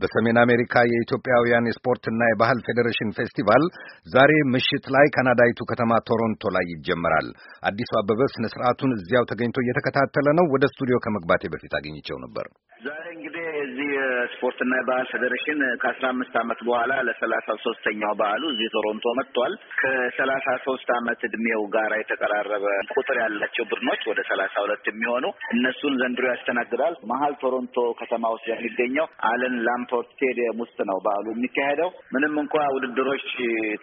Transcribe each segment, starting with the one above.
በሰሜን አሜሪካ የኢትዮጵያውያን የስፖርትና የባህል ፌዴሬሽን ፌስቲቫል ዛሬ ምሽት ላይ ካናዳዊቱ ከተማ ቶሮንቶ ላይ ይጀመራል። አዲሱ አበበ ስነ ስርዓቱን እዚያው ተገኝቶ እየተከታተለ ነው። ወደ ስቱዲዮ ከመግባቴ በፊት አገኝቸው ነበር። ዛሬ እንግዲህ የዚህ የስፖርትና የባህል ፌዴሬሽን ከአስራ አምስት አመት በኋላ ለሰላሳ ሶስተኛው በዓሉ እዚህ ቶሮንቶ መጥቷል። ከሰላሳ ሶስት አመት እድሜው ጋር የተቀራረበ ቁጥር ያላቸው ቡድኖች ወደ ሰላሳ ሁለት የሚሆኑ እነሱን ዘንድሮ ያስተናግዳል። መሀል ቶሮንቶ ከተማ ውስጥ የሚገኘው አለን ላምፖርት ስቴዲየም ውስጥ ነው በዓሉ የሚካሄደው። ምንም እንኳ ውድድሮች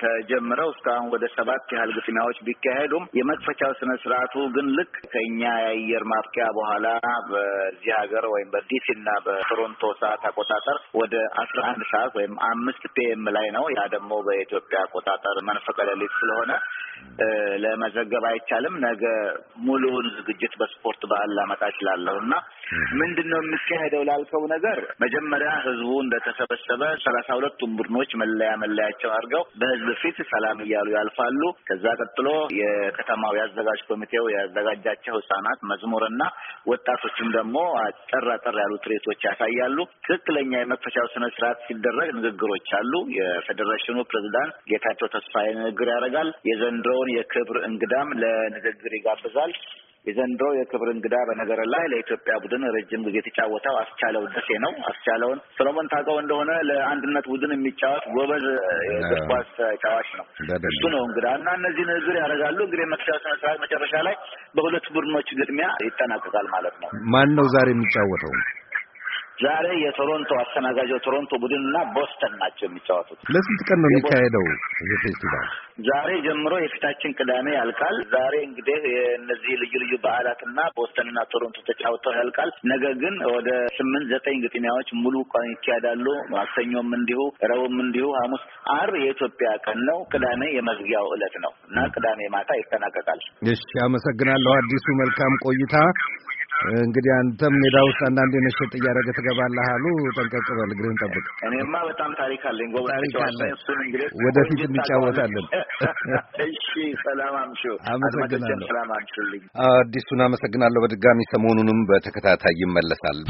ተጀምረው እስካሁን ወደ ሰባት ያህል ግጥሚያዎች ቢካሄዱም የመክፈቻው ስነ ስርዓቱ ግን ልክ ከእኛ የአየር ማብቂያ በኋላ በዚህ ሀገር ወይም በዲሲ እና በቶሮንቶ በቶሮንቶ ሰዓት አቆጣጠር ወደ አስራ አንድ ሰዓት ወይም አምስት ፒኤም ላይ ነው። ያ ደግሞ በኢትዮጵያ አቆጣጠር መንፈቀ ሌሊት ስለሆነ ለመዘገብ አይቻልም። ነገ ሙሉውን ዝግጅት በስፖርት በዓል ላመጣ እችላለሁ እና ምንድን ነው የሚካሄደው ላልከው ነገር መጀመሪያ ህዝቡ እንደተሰበሰበ ሰላሳ ሁለቱም ቡድኖች መለያ መለያቸው አድርገው በህዝብ ፊት ሰላም እያሉ ያልፋሉ። ከዛ ቀጥሎ የከተማው የአዘጋጅ ኮሚቴው ያዘጋጃቸው ህጻናት መዝሙርና ወጣቶችም ደግሞ አጠር አጠር ያሉ ትርኢቶች ያሳያሉ። ትክክለኛ የመክፈቻው ስነ ስርዓት ሲደረግ ንግግሮች አሉ። የፌዴሬሽኑ ፕሬዚዳንት ጌታቸው ተስፋዬ ንግግር ያደርጋል። የዘንድሮውን የክብር እንግዳም ለንግግር ይጋብዛል። የዘንድሮ የክብር እንግዳ በነገር ላይ ለኢትዮጵያ ቡድን ረጅም ጊዜ የተጫወተው አስቻለው ደሴ ነው። አስቻለውን ሰሎሞን ታውቀው እንደሆነ ለአንድነት ቡድን የሚጫወት ጎበዝ የእግር ኳስ ተጫዋች ነው። እሱ ነው እንግዳ እና እነዚህ ንግግር ያደርጋሉ። እንግዲህ የመክሻ ስነ ስርዓት መጨረሻ ላይ በሁለት ቡድኖች ግጥሚያ ይጠናቀቃል ማለት ነው። ማን ነው ዛሬ የሚጫወተው? ዛሬ የቶሮንቶ አስተናጋጅ የቶሮንቶ ቡድን እና ቦስተን ናቸው የሚጫወቱት። ለስንት ቀን ነው የሚካሄደው ይህ ዛሬ ጀምሮ የፊታችን ቅዳሜ ያልቃል። ዛሬ እንግዲህ የእነዚህ ልዩ ልዩ በዓላት እና ቦስተን እና ቶሮንቶ ተጫውተው ያልቃል። ነገ ግን ወደ ስምንት ዘጠኝ ግጥሚያዎች ሙሉ ቀን ይካሄዳሉ። ማክሰኞም እንዲሁ፣ ረቡም እንዲሁ፣ ሐሙስ፣ ዓርብ የኢትዮጵያ ቀን ነው። ቅዳሜ የመዝጊያው ዕለት ነው እና ቅዳሜ ማታ ይጠናቀቃል። እሺ፣ አመሰግናለሁ አዲሱ። መልካም ቆይታ እንግዲህ አንተም ሜዳ ውስጥ አንዳንዴ ነሸጥ እያደረገ ትገባለህ አሉ። ጠንቀቅ በል፣ እግርህን ጠብቅ። እኔማ በጣም ታሪክ አለኝ፣ ጎበዝ ታሪክ ወደፊት እንጫወታለን። እሺ፣ ሰላም አምሹ። አመሰግናለሁ። ሰላም አምሹልኝ። አዲሱን አመሰግናለሁ። በድጋሚ ሰሞኑንም በተከታታይ ይመለሳል።